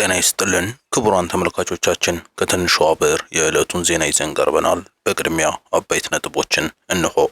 ጤና ይስጥልን ክቡራን ተመልካቾቻችን፣ ከትንሿ ብዕር የዕለቱን ዜና ይዘን ቀርበናል። በቅድሚያ አበይት ነጥቦችን እንሆ።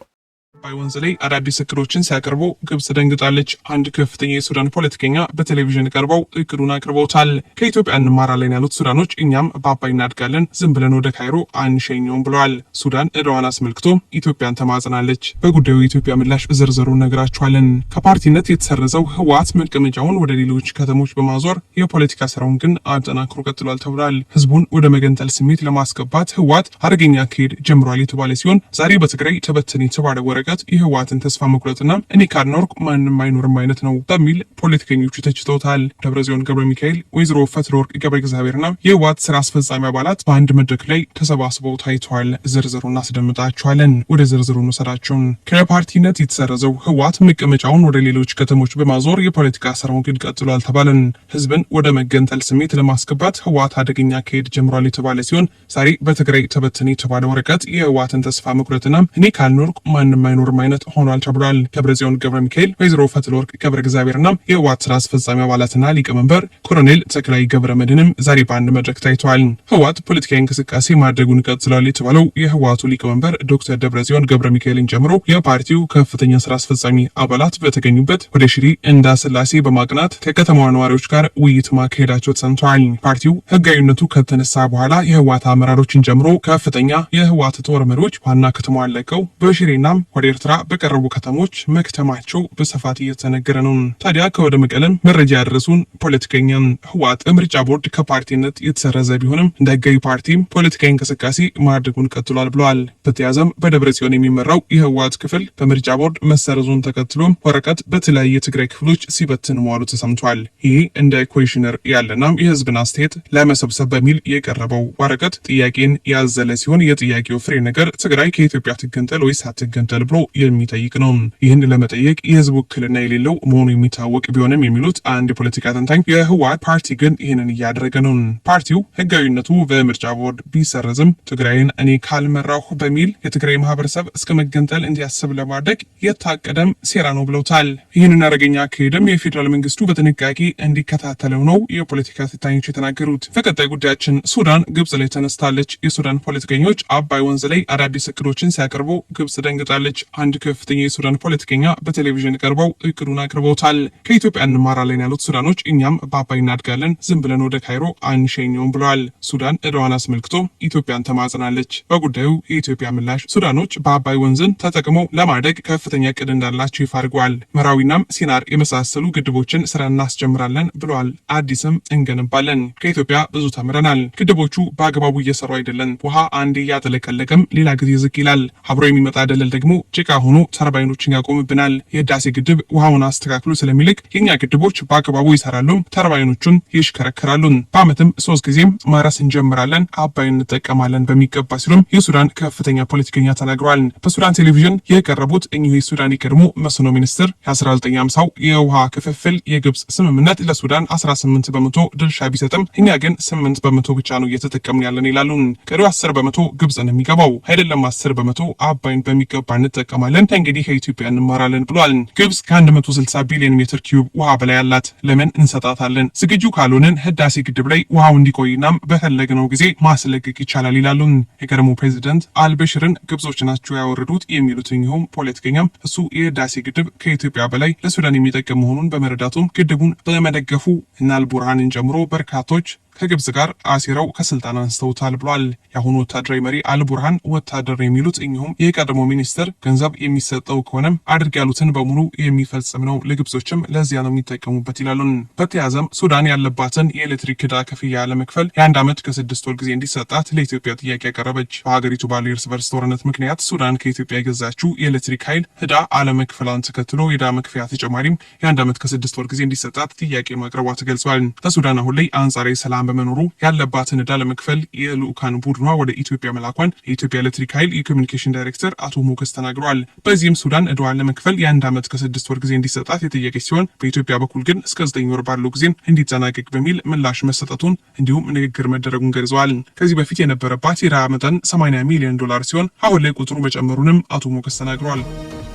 ባይ ወንዝ ላይ አዳዲስ እቅዶችን ሲያቀርቡ ግብጽ ደንግጣለች። አንድ ከፍተኛ የሱዳን ፖለቲከኛ በቴሌቪዥን ቀርበው እቅዱን አቅርበውታል። ከኢትዮጵያ እንማራለን ያሉት ሱዳኖች እኛም በአባይ እናድጋለን፣ ዝም ብለን ወደ ካይሮ አንሸኘውም ብለዋል። ሱዳን ዕዳዋን አስመልክቶ ኢትዮጵያን ተማጽናለች። በጉዳዩ የኢትዮጵያ ምላሽ ዝርዝሩ ነግራችኋለን። ከፓርቲነት የተሰረዘው ህወሓት መቀመጫውን ወደ ሌሎች ከተሞች በማዞር የፖለቲካ ስራውን ግን አጠናክሮ ቀጥሏል ተብሏል። ህዝቡን ወደ መገንጠል ስሜት ለማስገባት ህወሓት አደገኛ አካሄድ ጀምሯል የተባለ ሲሆን ዛሬ በትግራይ ተበተን የተባለ ወረቀት ማንቃት የህወሓትን ተስፋ መቁረጥና እኔ ካልኖርኩ ማንም አይኖርም አይነት ነው በሚል ፖለቲከኞቹ ተችተውታል። ደብረጽዮን ገብረ ሚካኤል፣ ወይዘሮ ፈትለወርቅ ገብረ እግዚአብሔርና የህወሓት ስራ አስፈጻሚ አባላት በአንድ መድረክ ላይ ተሰባስበው ታይተዋል። ዝርዝሩ እናስደምጣችኋለን። ወደ ዝርዝሩ እንውሰዳቸውን። ከፓርቲነት የተሰረዘው ህወሓት መቀመጫውን ወደ ሌሎች ከተሞች በማዞር የፖለቲካ ስራውን ግን ቀጥሏል ተባለን። ህዝብን ወደ መገንጠል ስሜት ለማስገባት ህወሓት አደገኛ አካሄድ ጀምሯል የተባለ ሲሆን ዛሬ በትግራይ ተበትን የተባለ ወረቀት የህወሓትን ተስፋ መቁረጥና እኔ ካልኖርኩ ማንም የማይኖርም አይነት ሆኗል ተብሏል። ደብረጽዮን ገብረ ሚካኤል፣ ወይዘሮ ፈትለወርቅ ገብረ እግዚአብሔርና የህወሓት ስራ አስፈጻሚ አባላትና ሊቀመንበር ኮሎኔል ተክላይ ገብረ መድህንም ዛሬ በአንድ መድረክ ታይተዋል። ህወሓት ፖለቲካዊ እንቅስቃሴ ማድረጉን ቀጥሏል የተባለው የህወሓቱ ሊቀመንበር ዶክተር ደብረጽዮን ገብረ ሚካኤልን ጨምሮ የፓርቲው ከፍተኛ ስራ አስፈጻሚ አባላት በተገኙበት ወደ ሽሪ እንዳስላሴ በማቅናት ከከተማዋ ነዋሪዎች ጋር ውይይት ማካሄዳቸው ተሰምተዋል። ፓርቲው ህጋዊነቱ ከተነሳ በኋላ የህወሓት አመራሮችን ጨምሮ ከፍተኛ የህወሓት ጦር መሪዎች ዋና ከተማዋን ለቀው በሽሬናም ወደ ወደ ኤርትራ በቀረቡ ከተሞች መክተማቸው በስፋት እየተነገረ ነው። ታዲያ ከወደ መቀለም መረጃ ያደረሱን ፖለቲከኛ ህወሓት በምርጫ ቦርድ ከፓርቲነት የተሰረዘ ቢሆንም እንደ ህጋዊ ፓርቲም ፖለቲካዊ እንቅስቃሴ ማድረጉን ቀጥሏል ብለዋል። በተያዘም በደብረ ጽዮን የሚመራው የህወሓት ክፍል በምርጫ ቦርድ መሰረዙን ተከትሎ ወረቀት በተለያዩ የትግራይ ክፍሎች ሲበትን መዋሉ ተሰምቷል። ይህ እንደ ኮሚሽነር ያለና የህዝብን አስተያየት ለመሰብሰብ በሚል የቀረበው ወረቀት ጥያቄን ያዘለ ሲሆን የጥያቄው ፍሬ ነገር ትግራይ ከኢትዮጵያ ትገንጠል ወይስ አትገንጠል ነው የሚጠይቅ ነው። ይህን ለመጠየቅ የህዝብ ውክልና የሌለው መሆኑ የሚታወቅ ቢሆንም የሚሉት አንድ የፖለቲካ ተንታኝ የህወሓት ፓርቲ ግን ይህንን እያደረገ ነው። ፓርቲው ህጋዊነቱ በምርጫ ቦርድ ቢሰረዝም ትግራይን እኔ ካልመራሁ በሚል የትግራይ ማህበረሰብ እስከ መገንጠል እንዲያስብ ለማድረግ የታቀደም ሴራ ነው ብለውታል። ይህንን አደገኛ አካሄድም የፌዴራል መንግስቱ በጥንቃቄ እንዲከታተለው ነው የፖለቲካ ተንታኞች የተናገሩት። በቀጣይ ጉዳያችን ሱዳን ግብጽ ላይ ተነስታለች። የሱዳን ፖለቲከኞች አባይ ወንዝ ላይ አዳዲስ እቅዶችን ሲያቀርቡ ግብጽ ደንግጣለች። አንድ ከፍተኛ የሱዳን ፖለቲከኛ በቴሌቪዥን ቀርበው እቅዱን አቅርበውታል። ከኢትዮጵያ እንማራለን ያሉት ሱዳኖች እኛም በአባይ እናድጋለን ዝም ብለን ወደ ካይሮ አንሸኘውም ብለዋል። ሱዳን ዕዳዋን አስመልክቶ ኢትዮጵያን ተማጽናለች። በጉዳዩ የኢትዮጵያ ምላሽ ሱዳኖች በአባይ ወንዝን ተጠቅመው ለማደግ ከፍተኛ እቅድ እንዳላቸው ይፋ አድርገዋል። መራዊናም ሲናር የመሳሰሉ ግድቦችን ስራ እናስጀምራለን ብለዋል። አዲስም እንገነባለን። ከኢትዮጵያ ብዙ ተምረናል። ግድቦቹ በአግባቡ እየሰሩ አይደለም። ውሃ አንድ እያጠለቀለቀም ሌላ ጊዜ ዝግ ይላል። አብሮ የሚመጣ ደለል ደግሞ ጭቃ ሆኖ ተርባይኖችን ያቆምብናል። የህዳሴ ግድብ ውሃውን አስተካክሎ ስለሚልቅ የኛ ግድቦች በአግባቡ ይሰራሉ፣ ተርባይኖቹን ይሽከረከራሉ። በአመትም ሶስት ጊዜም ማረስ እንጀምራለን፣ አባይ እንጠቀማለን በሚገባ ሲሉም የሱዳን ከፍተኛ ፖለቲከኛ ተናግረዋል። በሱዳን ቴሌቪዥን የቀረቡት እኚሁ የሱዳን የቀድሞ መስኖ ሚኒስትር የ1950 የውሃ ክፍፍል የግብፅ ስምምነት ለሱዳን 18 በመቶ ድርሻ ቢሰጥም እኛ ግን 8 በመቶ ብቻ ነው እየተጠቀምን ያለን ይላሉ። ቀሪው 10 በመቶ ግብፅ ነው የሚገባው። አይደለም 10 በመቶ አባይን በሚገባ እንጠቀ እንጠቀማለን ከእንግዲህ ከኢትዮጵያ እንማራለን ብሏል። ግብጽ ከ160 ቢሊዮን ሜትር ኪዩብ ውሃ በላይ አላት። ለምን እንሰጣታለን? ዝግጁ ካልሆንን ህዳሴ ግድብ ላይ ውሃው እንዲቆይናም በፈለግነው ጊዜ ማስለቀቅ ይቻላል ይላሉ የቀድሞ ፕሬዚደንት አልበሽርን ግብጾች ናቸው ያወረዱት የሚሉት እኚሁም ፖለቲከኛም እሱ የህዳሴ ግድብ ከኢትዮጵያ በላይ ለሱዳን የሚጠቅም መሆኑን በመረዳቱም ግድቡን በመደገፉ እና አልቡርሃንን ጨምሮ በርካቶች ከግብጽ ጋር አሲረው ከስልጣን አንስተውታል ብሏል። የአሁኑ ወታደራዊ መሪ አልቡርሃን ወታደር የሚሉት እኚሁም የቀድሞ ሚኒስትር ገንዘብ የሚሰጠው ከሆነም አድርግ ያሉትን በሙሉ የሚፈጽም ነው፣ ለግብጾችም ለዚያ ነው የሚጠቀሙበት ይላሉን። በተያዘም ሱዳን ያለባትን የኤሌክትሪክ ዕዳ ክፍያ ለመክፈል የአንድ ዓመት ከስድስት ወር ጊዜ እንዲሰጣት ለኢትዮጵያ ጥያቄ ያቀረበች። በሀገሪቱ ባለው የእርስ በርስ ጦርነት ምክንያት ሱዳን ከኢትዮጵያ የገዛችው የኤሌክትሪክ ኃይል ዕዳ አለመክፈላን ተከትሎ የዕዳ መክፈያ ተጨማሪም የአንድ ዓመት ከስድስት ወር ጊዜ እንዲሰጣት ጥያቄ ማቅረቧ ተገልጿል። በሱዳን አሁን ላይ አንጻራዊ ሰላም ሱዳን በመኖሩ ያለባትን እዳ ለመክፈል የልዑካን ቡድኗ ወደ ኢትዮጵያ መላኳን የኢትዮጵያ ኤሌክትሪክ ኃይል የኮሚኒኬሽን ዳይሬክተር አቶ ሞገስ ተናግረዋል። በዚህም ሱዳን እዳዋን ለመክፈል የአንድ ዓመት ከስድስት ወር ጊዜ እንዲሰጣት የጠየቀች ሲሆን በኢትዮጵያ በኩል ግን እስከ ዘጠኝ ወር ባለው ጊዜ እንዲጠናቀቅ በሚል ምላሽ መሰጠቱን እንዲሁም ንግግር መደረጉን ገልጸዋል። ከዚህ በፊት የነበረባት የዕዳ መጠን 80 ሚሊዮን ዶላር ሲሆን አሁን ላይ ቁጥሩ መጨመሩንም አቶ ሞገስ ተናግረዋል።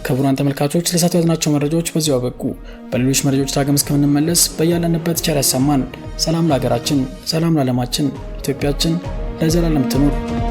ክቡራን ተመልካቾች ለሳት ያዝናቸው መረጃዎች በዚሁ አበቁ። በሌሎች መረጃዎች ዳግም እስከምንመለስ በያለንበት ቸር ያሰማን። ሰላም ለሀገራችን፣ ሰላም ለዓለማችን። ኢትዮጵያችን ለዘላለም ትኑር።